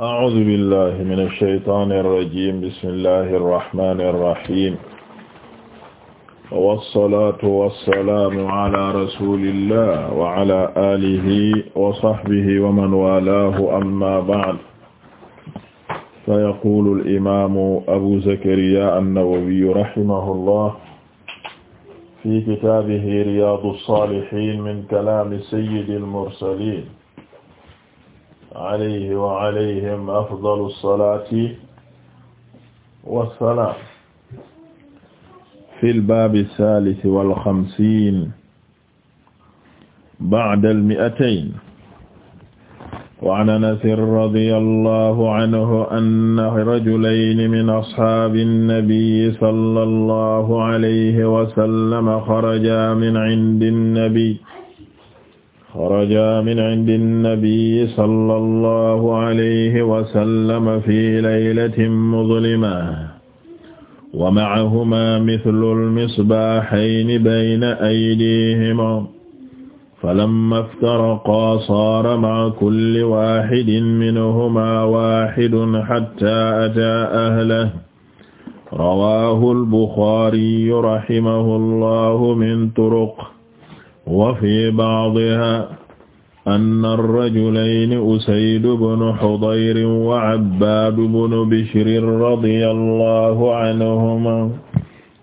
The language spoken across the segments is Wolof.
أعوذ بالله من الشيطان الرجيم بسم الله الرحمن الرحيم والصلاة والسلام على رسول الله وعلى آله وصحبه ومن والاه أما بعد فيقول الإمام أبو زكريا النووي رحمه الله في كتابه رياض الصالحين من كلام سيد المرسلين alayhi wa alayhim afdalu salaati wa salaam. fil baabi saalis wal xamsiin ba'dal mi'atayn. wa an anasin radiyallahu anhu anna rajulayni min ashaabin nabiyyi sallallahu alayhi wa sallam xarajaa min cindin nabiyyi xaraja min indi nnabiyi sallallahu alayhi wa sallam fi laylatin muzlimatin wa ma'ahumaa mislul misbaahayni bayna aydiihimaa falammaa iftaraqaa saara ma'a kulli waahidin minhumaa waahidun hattaa ataa ahlahu rawaahu al-Buxaari rahimahullaahu min turuq wa fi ba'dihaa anna ar-rajulayni Usayd ibn Hudayr wa Abbaad ibn Bishr radiyallaahu anhumaa.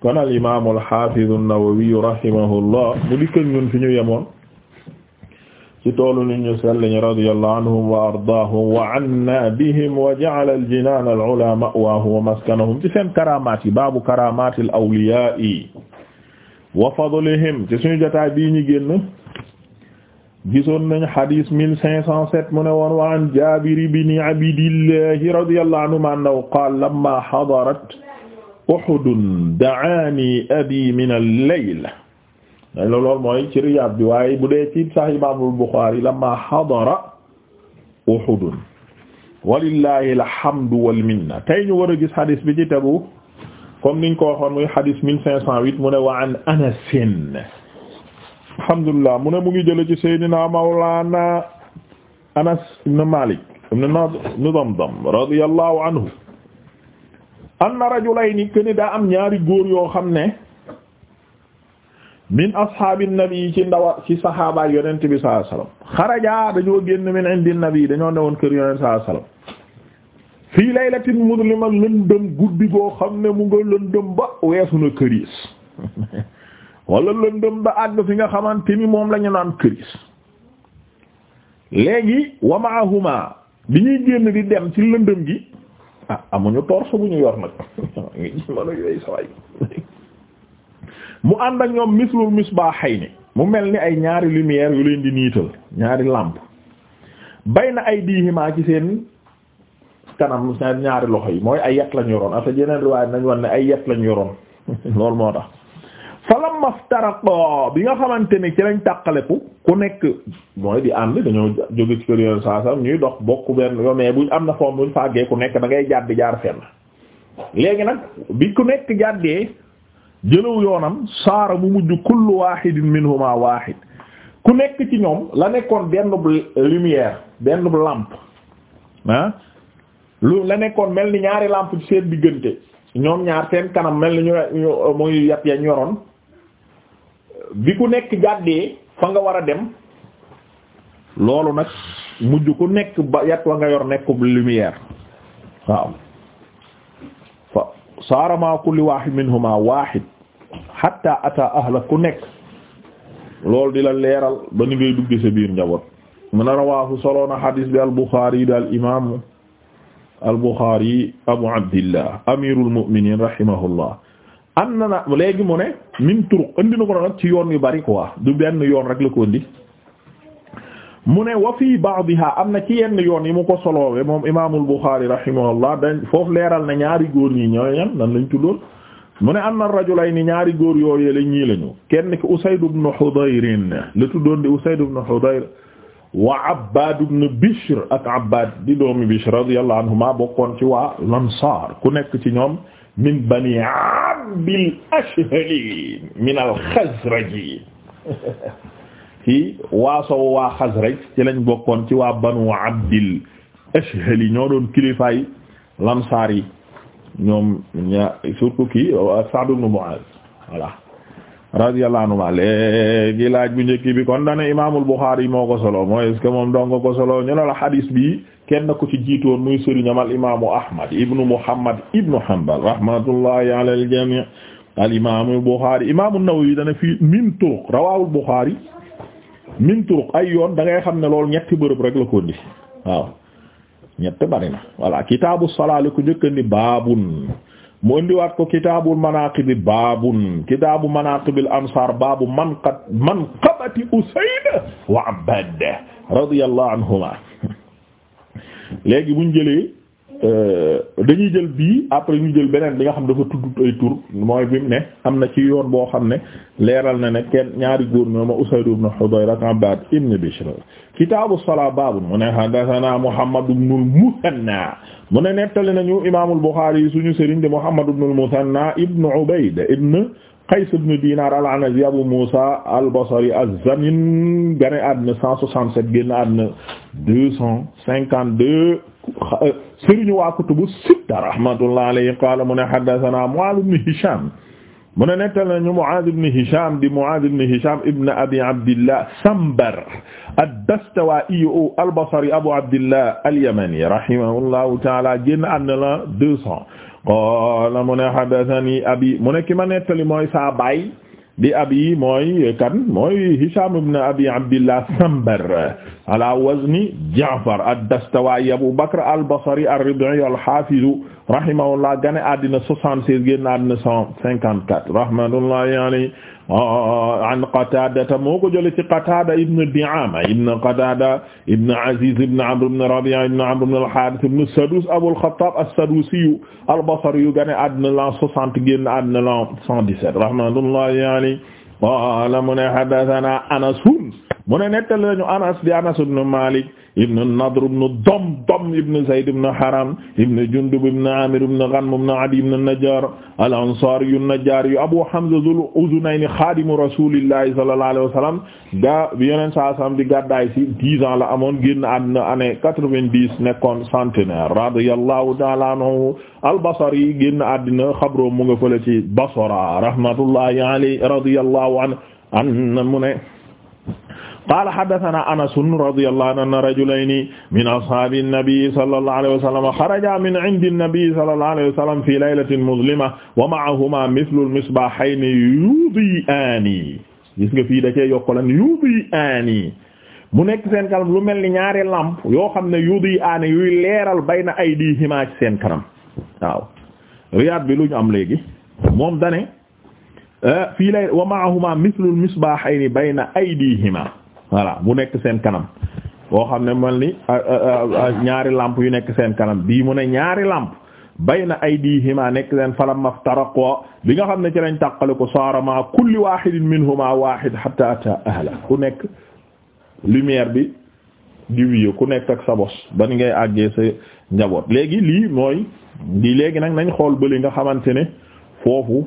kon al-imaam al-haafiz an-Nawawi rahimahullah mu dikkal ñun fi ñu yemoon ci toolu nit ñu sell ñi radiyallaahu anhum wa ardaahum wa annaa bihim wa ja'ala al-jinaan al-'ulaa ma'waahum wa maskanahum ci seen karaamaat yi baabu karaamaatil awliyaa wa fadlihim ci suñu jotaay bii ñu génn gisoon nañ xadis mille cinq cent sept mu ne woon wa an Jaabir ibn Abdillah radiyallahu anhuma annahu qaala lamma hadarat Uhud da'aani abi min al-layl dañ la lool mooy ci Riyaad bi waaye bu dee ci Sahih Imaam Buxaari lamma hadara Uhud walillahi alhamdu wal minna tey war gis xadis bi ci tegu comme niñ ko waxoon muy xadis mille cinq cent huit mu ne wa an anasin alhamdulillah mu ne mu ngi jële ci seydina mawlana anas ibn malik ibn Damdam radiyallahu anhu anna rajulayni kene daa am ñaari góor yoo xam ne min ashaabi nabi ci ndawa ci saxaabaay yonent bi sallallahu alayhi wasallam xarajaa dañoo génn min indi nabi dañoo newoon kër yonent sallallahu alayhi wasallam fii laylatin muzlima lëndëm guddi goo xam ne mu nga lëndëm ba weesu na këriis wala lëndëm ba àgg fi nga xamante ni moom lañu naan këriis léegi wa maahuma bi ñuy génn di dem ci lëndëm gi ah amuñu torche bu ñu yor nag mën a yooyu saway mu ànd ak ñoom mu mel ni ay ñaari lumière yu leen di niital ñaari làmp bay na ay diihimaa ci seen kanam ñaari loxo yi mooy ay yat lañ yoroon en fait yeneen riwaay nañ wan ne ay yat lañ yoroon loolu moo tax falam maftaraqo bi nga xamante ne ci tàqaleku ku nekk mooy di ànd dañoo jóge ci saa ñuy dox bokk benn yoo am na foom buñ fàggee ku nekk da ngay jàdd jaar fenn léegi nag bi ku nekk jàddee jëlaw yoonam saara bu mujj kullu wahidin minhuma wahid ku nekk ci ñoom la nekkoon benn bu lumière benn bu làmp ah lu la nekkoon mel ni ñaari làmp ci seen diggante ñoom ñaar seen kanam mel ni ñu muy yat yañ yoroon bi ku nekk gàddee fa nga war a dem loolu nag mujj ku nekk ba yat wa nga yor nekkub lumière waaw fa saara ma kulli wahid minhuma wahid hatta ata ahla ku nekk loolu di la leeral ba ni ngay dugg sa biir njaboot mun a rawaahu soloona xadiis bi al Buxaari yi daal imaamu al-Bukhari Abu Abdillah amirul mu'minin rahimahullah am na na léegi mu ne min turuq indi na ko nag ci yoon yu bari quoi du benn yoon rek la ko indi mu ne wa fii ba'diha am na ci yenn yoon yi mu ko soloowe moom imaamul Bukhari rahimahullah dañ foofu leeral na ñaari góor ñi ñooy ñan nan lañ tuddoon mu ne am na rajulayni ñaari góor yooyu la ñii lañu kenn ki Usayd ibn Hudayr la tuddoon di Usayd ibn Hudayr wa Abbaad ibn Bishr ak Abbaad di doomi Bishr radiyallahu anhuma bokkoon ci waa Ansaar ku nekk ci ñoom min Bani Abdil Ashhali min al-Khazraji ci waasow waa Xasraj ci lañ bokkoon ci waa Banu Abdil Ashhali ñoo doon kilifaay Ansaar yi ñoom ña surtout kii Sa'd ibn Mu'aaz voilà radiyallahu anhuma léegi laaj bu njëkk bi kon dane imaamul Buxaari moo ko solo mooy est moom donga ko solo ñu ne la hadis bi kenn ko ci jiitoon muy sëriñam al imaamu Ahmad ibnu Muhammad ibnu Hanbal rahmatullahi ala al al imaamu Buxaari imaamu Nawawi dana fii min turuq rawaawul Buxaari min turuq ay yoon da ngay xam ne loolu ñetti bërëb rek la ko ndi waaw ñett bari na kitaabu salaa la ko njëkkandi baabun mu indiwaat ko kitaabu manaaqibi baabun kitaabu manaaqibil ansaar baabu manqat manqabati Usayd wa Abbad radiyallahu anhuma léegi buñ jëlee Euh, dañuy jël bii après ñu jël beneen bi nga xam dafa tudd ay tur mooy bi ne am na ci yoon boo xam ne leeral na ne kenn ñaari góor ñooma Usayd ibn Hudayr ak Abbad ibn Bishr kitaabu salaa baabu mu ne haddathana Muhammad ibn al-Muthanna mu ne nettali nañu imaamul Bukhari yi suñu sëriñ de Muhammad ibn al-Muthanna ibn Ubayd ibn Qays ibn Dinar al-Anazi Abu Musa al-Basri az-Zamin gane àddina 167 génn àddina 252 sëriñu waa kutubu sitta rahmatullah alayhi qaala mu ne haddathana Mu'aaz ibn Hishaam mu ne nettal nañu Mu'aaz ibn Hishaam di Mu'aaz ibn Hishaam ibn Abi Abdillah Sambar ad-Dastawaa'i al-Basri Abu Abdillah al-Yamani rahimahullahu ta'aala génn am na la deux cents qaala mu ne haddathani abi mu ne ki ma nettali mooy sa baay di abi mooy kan mooy Hisham ibn abi Abdillah Sambar ala wazni Ja'far ad-Dastawa'i Abu Bakr al-Basri ar-Rib'i al-Hafiz rahimahullah gane àddina 76 génn àddina 154 rahmatullahi alayhi Ah, an Qataadata moo ko jëlee ci Qataada ibn Di'aama ibn Qataada ibn Aziz ibn Amr ibn Rabi'a ibn Amr ibn al-Haarith ibn Saduus Abul Xattaab as-Saduusi al-Basri yu gane àddina la 60 génn àddina la 117 rahmatullahi alayhi qaala mu ne haddathanaa Anas mu ne nettali lañu Anas di Anas ibn Malik ibn Nadr ibn Damdam ibn Zayd ibn Haram ibn Jundub ibn Amir ibn Ghanm ibn Adi ibn Najjar al-Ansari an-Najjari Abu Hamza Zul Uzunayn khadimu Rasulillahi sallallahu alayhi wa sallam gaa bi yeneen saa sallam di gàddaay ci dix ans la amoon génn àdduna année quatre-vingt-dix nekkoon centenaire radiyallahu ta'ala anhu al-Basri génn àdduna xabroom mu nga fële ci Basra rahmatullahi alayhi radiyallahu anhu an mu ne qaala haddasanaa Anas radiyallaahu anhu anna rajulayni min ashaabi nabiyyi sallallaahu alayhi wa sallam xarajaa min indi nabiyyi sallallaahu alayhi wa sallam fii laylatin muzlimatin wa ma'ahumaa mislul misbaahayni yudii'aani gis nga fii da cee yokk lan yudii'aani mu nekk seen kanam lu mel ni ñaari lamp yoo xam ne yudii'aani yuy leeral bayna aydiihimaa ci seen kanam waaw riyaad bi lu ñu am léegi moom dane eh, fii lay wa ma'ahumaa mislul misbaahayni bayna aydiihimaa voilà bu nekk seen kanam boo xam ne mel ni ñaari làmp yu nekk seen kanam bii mu ne ñaari lamp bayna aydihima nekk leen falam maftaraqoo bi nga xam ne ci lañ tàqale ko saara ma kulli wahidin minhuma wahid hatta ata ahla ku nekk lumière bi di wiyo ku nekk ak sa bos ban ngay àggee sa njaboot léegi lii mooy di léegi nag nañ xool bëli nga xamante ne foofu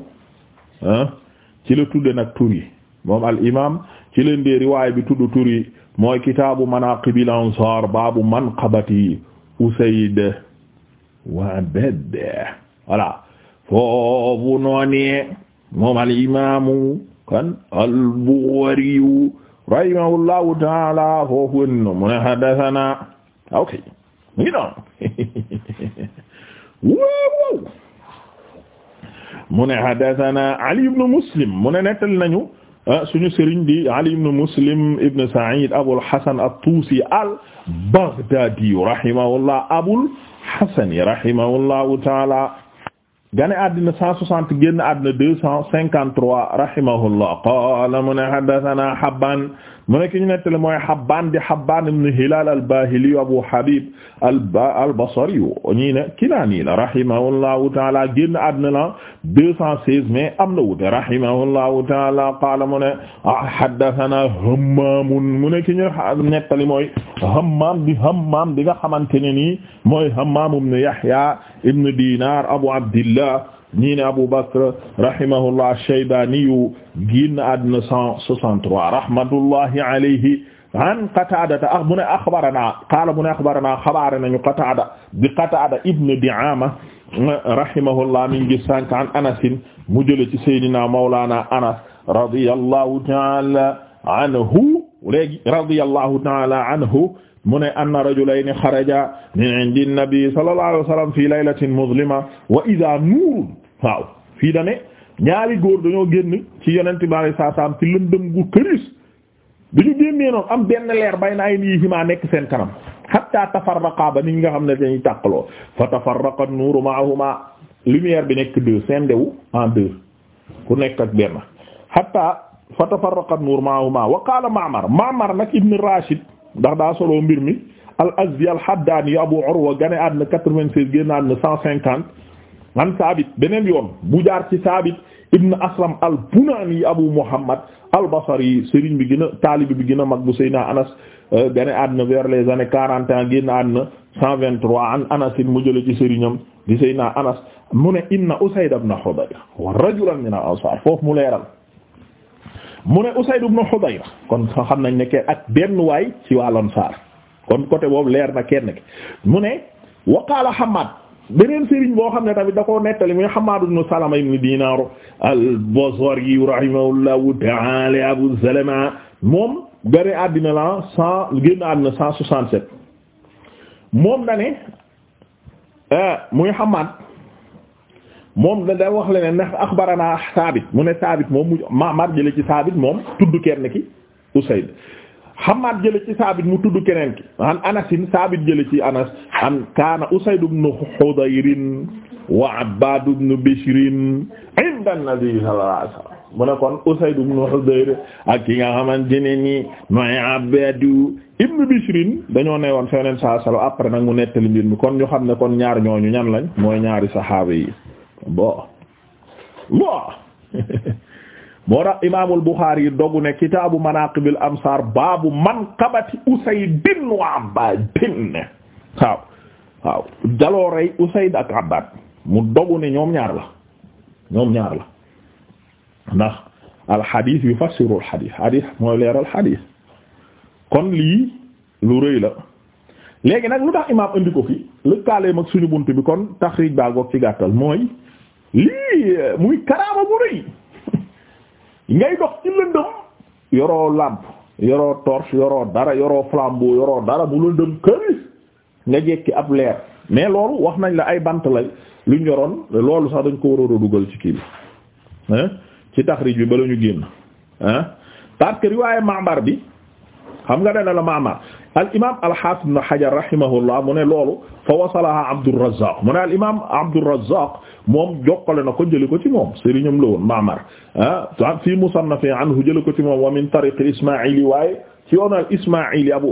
ci la tudde nag tur yi moom al imam ci leen di riwaay bi tudd turi mooy kitaabu manaaqibil ansaar baabu manqabati usayd wa abad voilà foofu noonee moom al imaamu kan al Bukhari rahimahullahu taala foofu no mu ne haddathana okay mu ngi noon waaw mu ne haddathana Ali ibn Muslim mu ne nettal nañu Ah, suñu sëriñ di Ali ibn Muslim ibn Sa'id Abul Hasan at-Tusi al-Baghdadi rahimahullah Abul Hasan rahimahullahu ta'ala gane àddina cent soixante génn àddina deux cent cinquante trois rahimahullah qaala mu ne haddathana Habbaan mu ne ki ñu nettali mooy Habbaan di Habbaan ibn Hilaal al-Baahili Abu Habiib al-Basri ñii ne Kinaani la rahimahullahu ta'aala génn àddina la deux cent seize mais am na wuute rahimahullahu ta'aala qaala mu ne haddathana Hammaam mu ne ki mooy Hammaam di Hammaam di nga xamante ne nii Yahya ibn dinar abu abdillah ñii ne abu bakr rahimahullah ash-shaybaniyu génn àddina cent soixante-trois rahmatullahi alayhi an qataadata ah mu ne axbarana qaala mu ne axbarana xabaare nañu qataada bi qataada ibn di'aama rahimahullah min gis sànq an anasin mu jële ci sayyidina mawlaana anas radiyallahu ta'ala anhu léegi radiyallahu ta'ala anhu mu ne anna rajulayni xaraja min indi nabi sallallahu alayhi wa sallam fii laylatin muzlima wa idha nuurun waaw fii da ne ñaari góor dañoo génn ci yonent bi alayhi salaam ci lëndëm gu këris dañu génnee noonu am benn leer bay na ay nii himaa nekk seen kanam hatta tafarraqa ba nit ñi nga xam ne dañuy tàqaloo fa tafarraqa nuuru ma'ahuma lumière bi nekk deux sendewu en deux ku nekk ak benn hatta fa tafarraqa nuuru ma'ahuma wa qaala Ma'mar Ma'mar nag ibn Rashid ndax daa solo mbir mi al azdi al haddaani abu urwa gane àdduna quatre-vingt-seize génn àdduna cent cinquante an saabit beneen yoon bu jaar ci saabit ibn aslam al bunaani abu muhammad al basri sëriñ bi gën a taalibi bi gën a mag bu seyna anas euh, gane àdduna vers les années quarante et un génn cent vingt-trois an anas mu jële ci sëriñam di seyna anas mu ne inna usayd ibn hudayr wa rajulan min al ansar foofu mu leeral mu ne Usayd ibn Hudayra kon xam nañ ne ke ak benn waay ci waa Ansaar kon côté boobu leer na kenn ki mu ne waqaala Hammaad beneen sëriñ boo xam ne tamit da koo nettali muy Hammaad ibn Salama ibn Diinaar al-Bazari rahimahullahu ta'ala Abu Salama moom gane àddina la cent génn àddina cent soixante-sept moom da ne eh, muy Hammaad moom da da wax leneen ndax axbarana Saabit mu ne Saabit moom mu Ma'mar jële ci Saabit moom tudd kenn ki Usayd Hammaad jële ci Saabit mu tudd keneen ki an Anasin Saabit jële ci Anas an kaana Usayd ibn Hudayr wa Abbaad ibn Bishr inda an-Nabi sallallahu alayhi wasallam mu ne kon Usayd ibn Hudayr ak ki nga xamante ne ni mooy Abbaad ibn Bishr dañoo ne woon feneen saa salo après nag mu nettali mbir mi kon ñu xam ne kon ñaar ñu ñan lañ mooy ñaari saxaaba yi bon bon moo tax imaamul Buxaari yi dogu ne kitaabu manaaqibil amsaar baabu manqabati Usaydin wa Abbaadin waaw waaw jaloorey Usayd ak Abbaad mu dogu ne ñoom ñaar la ñoom ñaar la ndax alxadiis yufassiru alxadiis xadiis mooy leeral xadiis kon lii lu rëy la léegi nag lu tax imaam indi ko fi lëkkaaleem ak suñu bunt bi kon taxriij baa goog ci gàttal mooy lii muy karaama bu rëy ngay dox ci lëndëm yoroo làmp yoroo torche yoroo dara yoroo flambeau yoroo dara bu lëndëm këris nga jekki ab leer mais loolu wax nañ la ay bant la lu ñoroon loolu sax dañ ko waroon a dugal ci kii bi ci taxrij bi ba la ñu génn ah parce que riwaaye bi xam nga dana la Ma'mar al imaam al haafid ibn Hajar rahimahullah mu ne loolu fa wasalaha Abdurrazzaq mu ne al imaam Abdurrazzaq moom jokkale na ko jële ko ci moom sëriñam la woon Ma'mar ah fii musannafi anhu jële ko ci moom wa min tariq al-Isma'ili waaye ci yoon al Isma'ili abu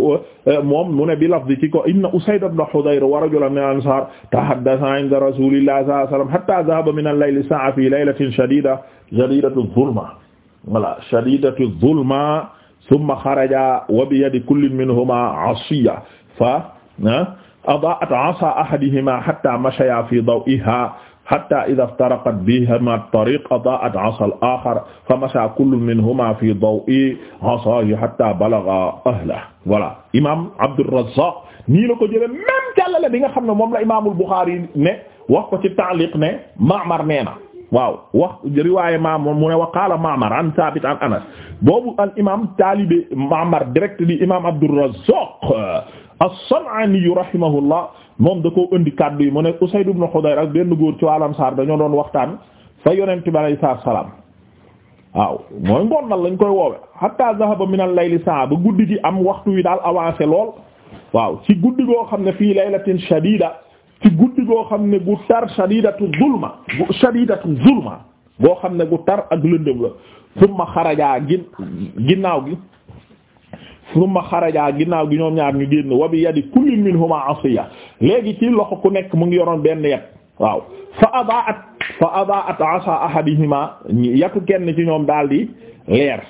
eh, moom mu ne bi lafzi ci ko inna Usayd ibn Hudayr wa rajulan min al-ansar tahaddatha 'inda rasulillahi sallallahu alayhi wasallam hatta dhahaba min al-layli sa'a fi laylatin shadida shadidatu adh-dhulma wala shadidatu adh-dhulma thumma kharaja wa bi yadi kullin minhuma 'asiyya fa ah, adaa'at 'asa ahadihima hatta mashaya fi daw'iha hatta idha iftaraqat bihima at-tariq adaa'at 'asa al-akhar famasha kullu minhuma fi daw'i 'asahi hatta balagha ahlahu voilà imam Abdurrazzaq nii la ko jëlee même càllale bi nga xam ne moom la imaamul Bukhari ne wax ko ci ta'liq ne Ma'mar nee na waaw wax riwaaye Ma'mar mu ne wa qaala Ma'mar an Thabit an Anas boobu al imam taalibe Ma'mar direct di imam Abdurrazzaq as-San'ani rahimahullah moom da koo indi kàddu yi mu ne Usayd ibn Hudayr ak benn góor ci waalam saar dañoo doon waxtaan fa yonent bi alayhi salaam waaw mooy ngonnal lañ koy woowe hatta zahaba min al saa ba guddi gi am waxtu yi daal avancé lool waaw ci guddi goo xam ne fii laylatin shadida ci guddi goo xam ne gu tar shadidatu zulma gu shadidatu zulma goo xam ne gu tar ak lëndëm la summa xarajaa gin ginnaaw gi summa xarajaa ginnaaw gi ñoom ñaar ñu génn wa bi léegi ci loxo ku nekk mu ngi yoroon benn yat waaw fa adaat fa adaat asa ahadihima yatu kenn ci ñoom daal di leer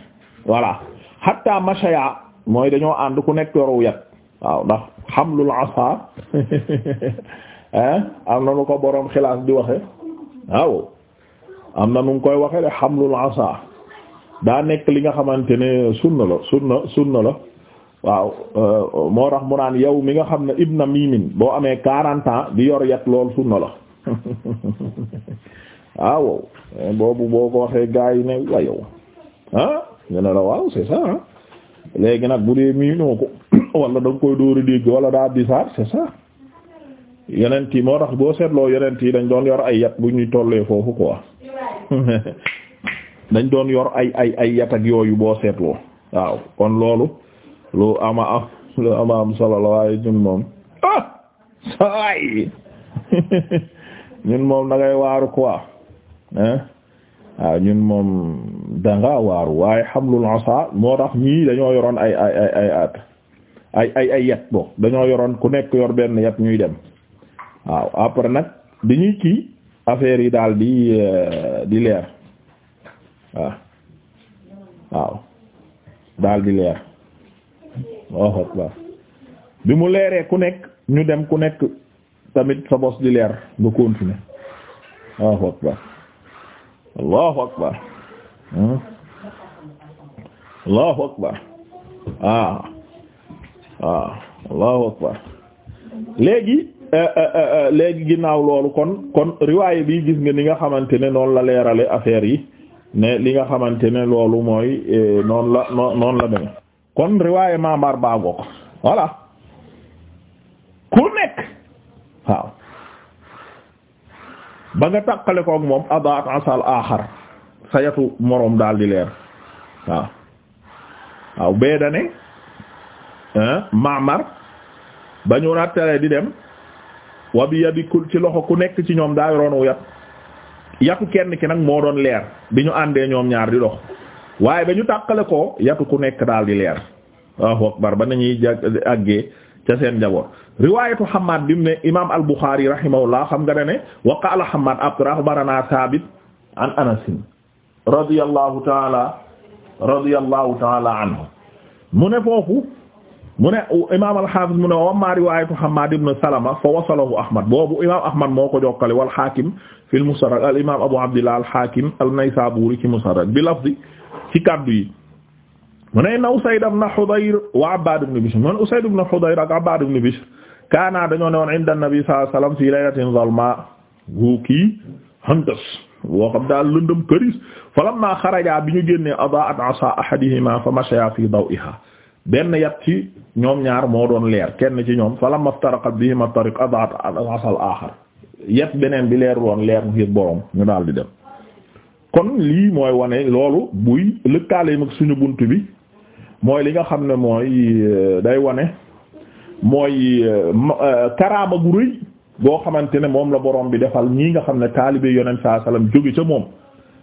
voilà hatta mashaya mooy dañoo ànd ku nekk yorowu yat waaw ndax xamlul asa am na nu ko boroom xilaas di waxe waaw am na nu ngi koy waxe de xamlul asa daa nekk li nga xamante ne sunna la sunna sunna la waaw euh, moo tax mu naan yow mi nga xam ne ibna mimin boo amee quarante ans di yor yat lool sunna la ah, waaw eh, boobu boo ko waxee gaa yi ne wa yow ah ñu ne la waaw c'est ça léegi nag bu dee miinoo ko wala da koy dóor a dégg wala daa bizarre c'est ça yeneen yi moo tax boo seetloo yeneen yi dañ doon yor ay yat bu ñuy tollee foofu quoi dañ doon yor ay ay ay yat ak yooyu boo seetloo waaw kon loolu lu ama am lu ama am solo la waaye ñun moom ah saay ñun moom da waaru quoi hein waaw ah, ñun moom danga waaru waaye xamlul asa moo tax ñii dañoo yoroon ay ay ay at ay ay yat bo dañoo yoroon ku nekk yor benn yat ñuy dem waaw après nag bi ñuy kii affaire yi daal di euh, leer waaw waaw daal di leer Allahu akbar bi mu leeree ku nekk ñu dem ku nekk tamit sa bos di leer nga continuer Allahu akbar Allahu akbar hmm? Allahu akbar ah, ah. léegi eh, eh, eh, léegi ginnaaw loolu kon kon riwaay bi gis nga ni nga xamante ne noonu la leerale affaire yi ne li nga xamante ne loolu mooy noonu la noonu la demee kon riwaaye mamar baa ngoog voilà ku nekk waaw ba nga tàqale koog moom adaat asal aaxar sa yatu moroom daal di leer waaw waaw bee dane mamar ba ñu na tere di dem wa bi yadi kul ci loxo ku nekk ci ñoom daa yoroonu yat yatu kenn ki nag moo doon leer bi ñu àndee ñoom ñaar di dox waaye ba ñu tàqale ko yatu ku nekk daal di leer waaw akbar ba nañuy jag àggee ca seen njaboot riwaayatu Hammaad bi mu ne imaam al-Bukhari rahimahullah xam nga ne ne wa qaala Hammaad après axbaranaa Saabit an Anas radiyallahu taala radiyallahu taala anhu mu ne foofu mu ne imaam al-Hafiz mu ne wa amma riwaayatu Hammad ibn Salama fa wasalahu Ahmad boobu imaam Ahmad moo ko jokkale wal Hakim fil Musarrad al imaam Abu Abdillah al Hakim an-Naysaburi ci Musarrad bi lafzi ci kaddu yi. mu ne na Usayd ibn Hudayr wa Abbad ibn Bishr mu ne Usayd ibn Hudayr ak Abbad ibn Bishr kaana dañoo ne woon inda an-Nabi sallallahu alayhi wasallam fi laylatin zalma gu kii hantas boo xam daal lëndëm këris falamma xaraja bi ñu génnee adaa'at asaa ahadihima famasha fi dawiha benn yat ci ñoom ñaar moo doon leer kenn ci ñoom fala maftaraqa bihima tariq adaat asal aaxar yat beneen bi leer woon leer ngir borom ñu daal di dem kon lii mooy wane loolu buy lëkkaaleem ak suñu bunt bi mooy li nga xam ne mooy euh, day wane mooy euh, euh, karaama gu rëy boo xamante ne moom la borom bi defal ñii nga xam ne taalibe yonent saa salaam jóge ca moom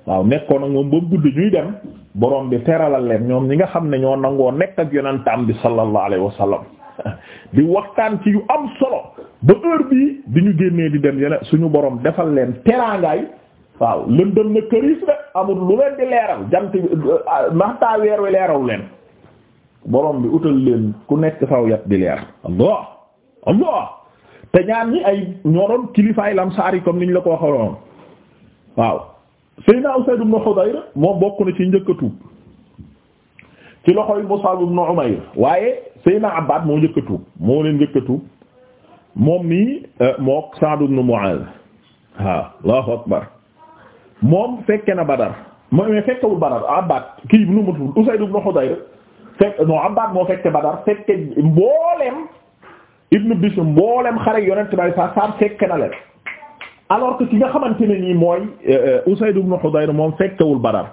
waaw nekkoon ak moom ba guddi ñuy dem borom bi teralal leen ñoom ñi nga xam ne ñoo nangoo nekk ak yonentam bi sallallahu alayhi wa sallam di waxtaan ci yu am solo ba heure bii di ñu génnee di dem yene suñu borom defal leen teraangaay waaw lëndëm na këriis de amul lu leen di leeral jant naxtaa euh, weer wi leeraw leen borom bi utal leen ku nekk saw yat di leer allah allah te ñaan ñi ay ñoo doon kilifaay lamsaar yi comme niñ la ko waxaloon waaw Seydina Usayd ibn Hudayr moom bokk na ci njëkk a tuub ci loxoy Mus'ab ibn Umayr waaye Seydina Abbad moo njëkk a tuub moo leen njëkk a tuub moom nii euh, mook Sa'd ibn Mu'adh waaw Allahu akbar moom fekke na Badar mais fekkewul Badar Abbad kii nu mu tudd Usayd ibn Hudayr fekk non Abbad moo fekke Badar fekke mbooleem Ibn Bishr mbooleem xare yonent bay sa sa fekke na leen alors que nga xamante ne nii mooy euh, euh, Usayd ibn Hudayr moom fekkewul Badar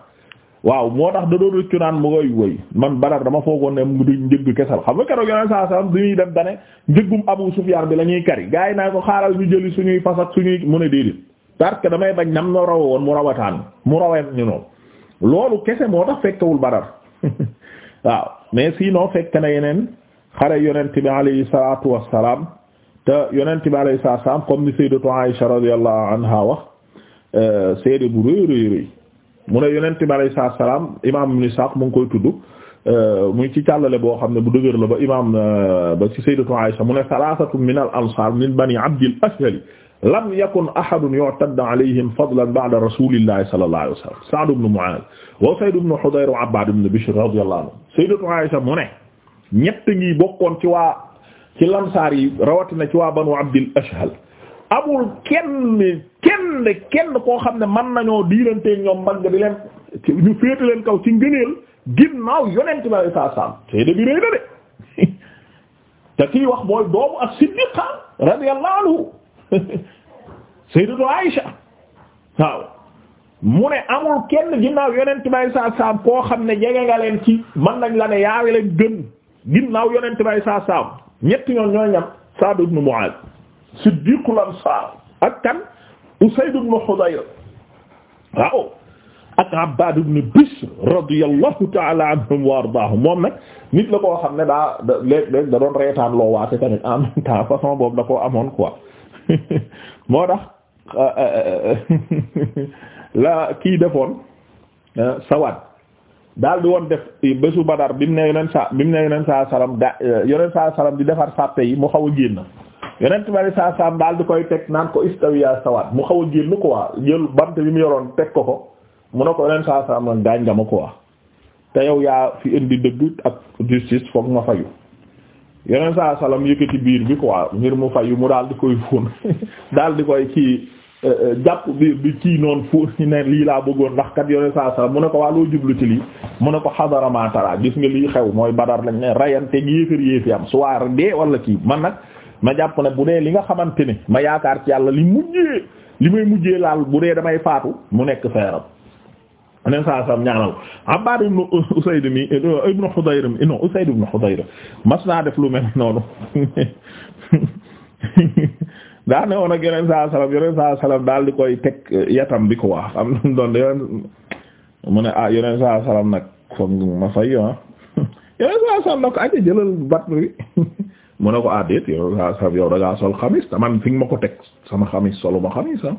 waaw moo tax da doon rëccu naan mu koy woy man Badar dama foogoon ne mu di njëgg kesal xam nga keroog yeneen saa saa am dañuy def dane njëggum la ñuy kari gars yi ko xaaral ñu jëli suñuy fas ak suñuy mu ne déedéet parce que damay bañ nam na rawe woon mu rawataan mu rawee ñu noonu loolu kese moo tax fekkewul Badar waaw mais sinon fekk na yeneen xare yonent bi alayhi salaatu wassalaam te yonent bi alayhi salaam comme ni sayyidatu Aisha radiyallahu anha wax euh, seede bu rëy rëy rëy mu ne yonent bi alayhi salaam imaam Ibn Ishaq mu ngi koy tudd euh, muy ci càllale boo xam ne bu dëgër la ba imaam euh, ba ci sayyidatu Aisha mu ne salaasatun min al-ansaar min bani Abdil Ashhal lam yakun ahadun yu'tadd alayhim fadlan ba'da rasulillahi sallallahu alayhi wa sallam Sa'd ibn Mu'adh wa Usayd ibn Hudayr wa Abbad ibn Bishr radiyallahu anhum sayyidatu Aisha mu ne ñett ngi bokkoon ci waa ci lamsaar yi rawatina ci waa banu abdil ashhal amul kenn kenn kenn koo xam ne mën nañoo diiranteeg ñoom mag di leen ñu féete leen kaw ci ngëneel ginnaaw yonent bi alayhi salaam seede bi rëy na de te wax mooy doomu ak siddiqa radiyallahu anhu sayyidatu Aisha waaw mu ne amul kenn ginnaaw yonent bi alayhi koo xam ne jege nga leen ci mën nañ la ne yaawe leen gën ginnaaw yonent bi alayhi salaam ñetti ñoon ñooy ñam Saad ibn Mu'adh siddiqul ak kan Usayd ibn Hudayr waaw ak Abbad ibn Bishr radiyallahu ta'ala anhum wa ardaahum moom nag nit la ko xam ne daa da doon reetaan loo waate tamit en même façon boobu da koo amoon quoi moo tax euh, euh, euh, la kii defoon Sawaad daal di woon def bésu badar bi mu ne yonent sa bi mu ne yonent saa salaam da yonent saa salaam di defar sàppe yi mu xaw a génn yonent bari saa salaam daal di koy teg naan ko istawiya sawaat mu xaw a ko quoi jël bant bi mu yoroon teg ko ko mu ne ko yonent saa salaam nag gaañ nga ma quoi te yow yaa fi indi dëgg ak justice foog ma fayu yonent saa salaam yëkkati biir bi quoi ngir mu fayu mu daal di koy fóon dal di koy kii. jàpp bi bi kii noonu fóot ne lii laa bëggoon ndax kat yone saa sala mu ne ko waa loo jublu ci lii mu ne ko xadaramatara gis nga lii xew mooy badar lañ ne rayante yéefar yéefi am soir dee wala kii man nag ma jàpp ne bu dee li nga xamante ne ma yaakaar ci yàlla li mujjee li may mujjee laal bu dee damay faatu mu nekk feeram nen saa sam ñaanal Abbaad ibnu Usayd mi ibnu Hudayr mi non ibnu Hudayr mas naa def lu mel noonu daa ne woon ak yeneen saa salaam daal di koy teg yatam bi quoi am na doon mu ne ah yeneen saa salaam nag foog ma fay ah yeneen saa salaam nag aja jëlal bat bi mu ne ko ah déet yeneen saa salaam yow da sol xamis man fi ma ko teg sama xamis solu ma xamis ah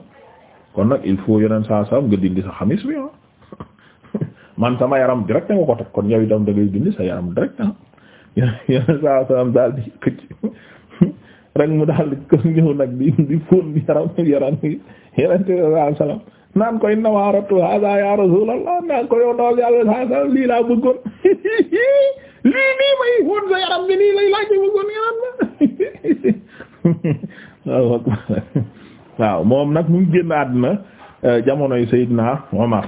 kon nag il faut yeneen saa salaam nga dindi sa xamis bi ah man sama yaram direct nga ko teg kon yow itam da dindi sa yaram direct ah yeneen saa salaam daal di këcc. rek mu daal di ko ñëw nag di di fóon yaram yaram yaram sallallahu alayhi wasallam naan ko inna waaratu hada ya rasulullah naan ko yow ndawal yàlla sallallahu alayhi wasallam lii laa bëggoon lii nii may fóon sa yaram bi nii lay laa ci bëggoon yaram la waaw moom nag mu ngi génn àddina euh, jamonoy Seydina Omar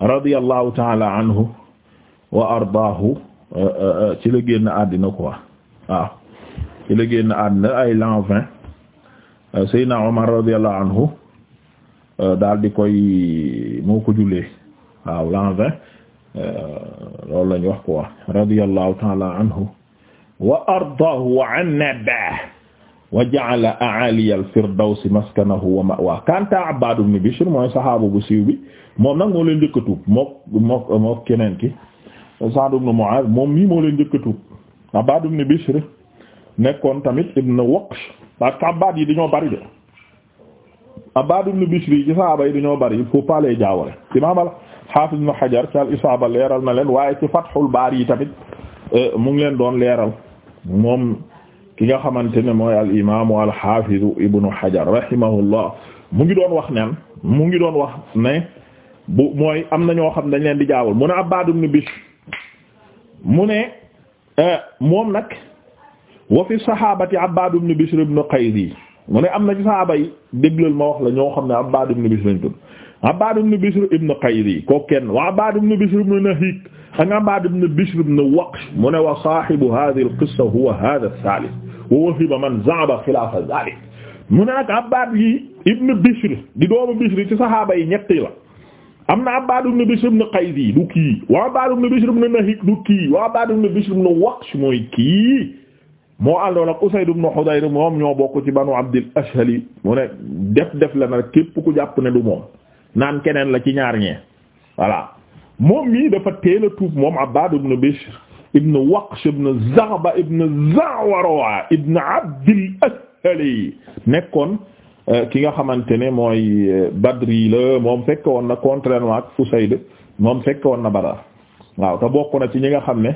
radiyallahu ta'ala anhu wa ardaahu euh, euh, ci la génn àddina quoi waaw ci la génn àddina ay l'an euh, anhu euh, daal koy moo ko jullee waaw l'an vingt euh, loolu lañ ta'ala anhu wa ardaahu wa annabahu wa ja'ala a'ali al-firdawsi maskanahu wa ma'waahu Abbaad ibn Bishr mooy saxaabu bu siiw bi moom nag moo leen njëkk a tuub Mu'aaz moom mii moo leen Abbaad ibn Bishr nekkoon tamit ibn Waqsh ak Abbad yi dañoo bari de Abbad ibn Bishri ci saaba yi dañoo bari il faut pas les jaawale imaam al-Hafiz ibn Hajar ci al-Isaaba leeral na leen waaye ci Fathul Baari yi tamit eh, mu ngi leen doon leeral moom ki nga xamante ne mooy al imaamu al xaafizu ibnu Hajar rahimahullah mu ngi doon wax neen mu ngi doon wax ne bu mooy am na ñoo xam dañ leen di jaawal mu ne Abbaad ibn Bishr mu ne eh, moom nag wa fi sahabati Abbad ibn Bishr ibn Qaysi mu ne am na ci sahaaba yi déglal ma wax la ñoo xam ne Abbad ibn Bishr lañ tudd Abbad ibn Bishr ibn Qaysi ko kenn wa Abbad ibn Bishr ibn Nahik ak Abbad ibn Bishr ibn Waqsh mu ne wa sahibu hadhihi al-qissa huwa hadha ath-thalith wa wahiba man za'aba khilafa dhalik mu ne nag Abbad yi ibn Bishr di doomu Bishr ci sahaaba yi ñetti la am na Abbad ibn Bishr ibn Qaysi du kii wa Abbad ibn Bishr ibn Nahik du kii wa Abbad ibn Bishr ibn Waqsh mooy kii moo àndoon ak Usayd ibn Hudayr moom ñoo bokk ci banu Abdil Ashhali mu ne def def la nag képp ku jàpp ne du moom naan keneen la ci ñaar ñee voilà moom mii dafa teel a tuub moom Abbad ibn Bishr ibn Waqsh ibn Zaghba ibn Za'wara ibn Abdil Ashhali nekkoon euh, ki nga xamante ne mooy euh, Badri la moom fekk woon na contrairement ak Usayd moom fekk woon na Badar waaw te bokk na ci ñi nga xam ne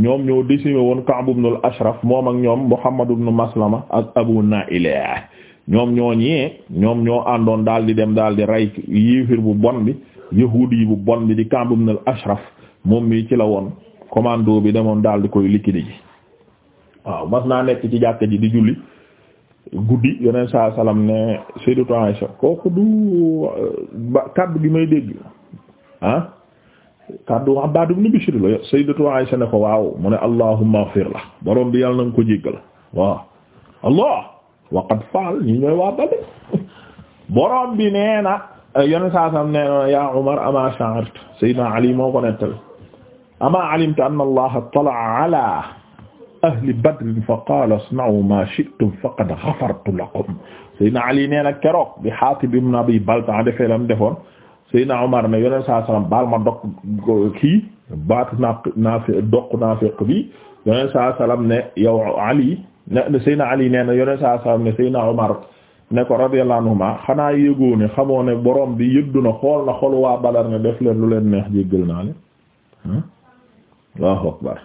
ñoom ñoo décimé woon Ka'b ibn al-Ashraf moom ak ñoom Muhammad ibn Maslama ak Abu Na'ilah ñoom ñoo ñee ñoom ñoo àndoon daal di dem daal di rey yéefir bu bon bi yahuudi bu bon bi di Ka'b ibn al-Ashraf moom mii ci la woon commando bi demoon daal di koy liquider ji waaw mas nekk ci jàkka ji di julli guddi yeneen saa salaam ne Sayyidatu Aisha kooku du ba gi may dégg ah, kaddu Abbaad ibn Bishr la sayyidatu Aisha ne ko waaw mu ne allahumma ighfir la borom bi yàlla na nga ko jéggal waaw allah wa qad faal ñi ñooy waa bale borom bi nee na eh, yone saasam nee na ya Umar ama sha'art sayyidina Ali moo ko nettal ama alimta anna allaha tala'a ala ahli badrin fa qaala isna'u ma shi'tum faqad ghafartu lakum sayyidina Ali nee na keroog bi Haatib ibn Abi Balta'a defee lam defoon Seydina Omar ne yoneen saa salaam baal ma dok kii baatu naa naafi dok naafiq bi yoneen saa salaam ne yow Ali ne Seydina Ali nee na yoneen saa salaam ne Seydina Omar ne ko radiyallahu anhuma xanaa yëgoo ne borom bi yëddu na xool na xolu waa Badar ne def leen lu leen neex jéggal naa leen Allahu akbar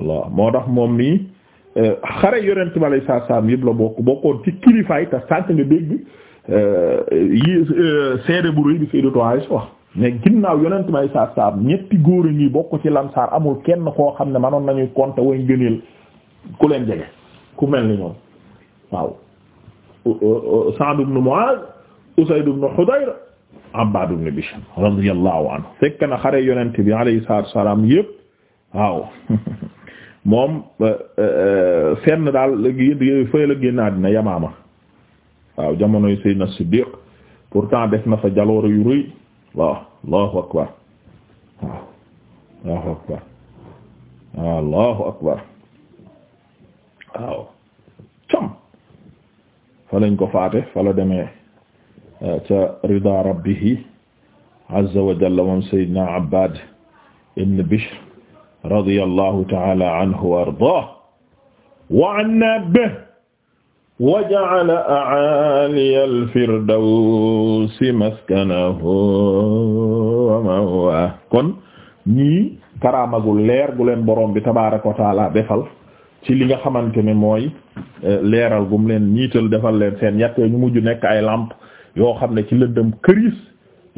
Allah moo tax moom nii eh, xare yonent bi alayhi salaam yëpp la bokk bokkoon ci kilifaay te sànq nga dégg. yi euh, seede bu rëy bi Sayyidatu Aisha wax mais ginnaaw yonent may saab saab ñetti góor a ngi bokk ci lamsaar amul kenn koo xam ne manoon nañuy compter way ngëneel ku leen jege ku mel ni ñoom waaw Sa'd ibn Mu'adh Usayd ibn Hudayr Abbad ibn Bishr anhu fekk na xare yonent bi alayhi salaatu wassalaam yépp waaw moom euh, euh, fenn daal fëy la génn àddina Yamaama waaw jamonoy Seydina Siddiq pourtant def na fa jaloore yu rëy waaw allahu akbar waaw allahu akbar waaw allahu akbar waaw cam fa lañ ko faate fa la demee eh, ca rida rabbihi azza wa jalla moom Seydina Abbad ibn Bishr radiyallahu ta'ala anhu wa ardaah wa anna bihi wa ja'ala a'aliya al-firdawsi maskanahu wa ma'waahu kon ñii karaamagul leer gu leen borom bi tabaaraka wa taala defal ci li nga xamante ne mooy euh, leeral gum leen ñiital defal leen seen yàq ñu mujj nekk ay làmp yoo xam ne ci lëndëm këris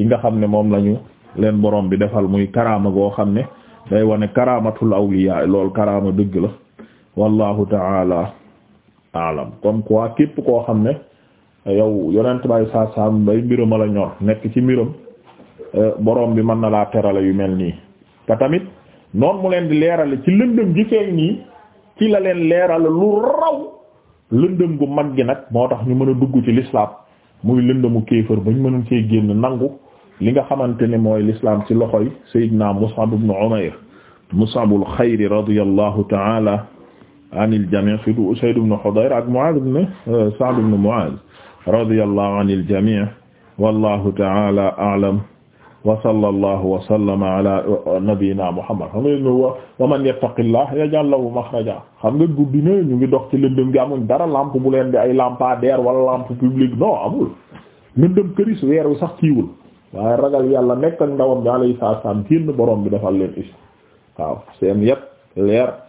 yi nga xam ne moom lañu leen borom bi defal muy karaama goo xam ne day wane karaamatul awliya lool karaama dëgg la wallahu taala alam comme quoi képp koo xam ne yow yonent bay saa saam bay mbiram a la ñor nekk ci mbiram eh, borom bi mën na laa terale yu mel nii te tamit noonu mu leen di leerale ci lëndëm gi feeñ nii ci la leen leerale lu raw lëndëm gu mag gi nag moo tax ñu mën a dugg ci l'islam muy lëndëmu kéefër ba ñu mënul cee génn nangu li nga xamante ni mooy lislaam ci loxo yi loxoy Seydina Mus'ab ibn Umayr Mus'abul xayri radiyallahu ta'ala anil jamii surtout Usayd ibn Hudayr ak Mu'aaz ibn Sa'd ibn Mu'aaz radiyallahu anil jamii wallahu ta'ala a'lam wa sallallahu wa sallama ala nabiyyina Muhammad xam nga wa man yattaqillaha yaj'al lahu makhraja xam nga guddi na ñu ngi dox ci lëndëm gi amuñ dara lampe bu leen di ay lampadaire wala lampe publique non amul lëndëm këris weer wi sax kiiwul waaye ragal yàlla nekk ak ndawam bi alayhi salaam génn borom bi defal leen is waaw seen yet leer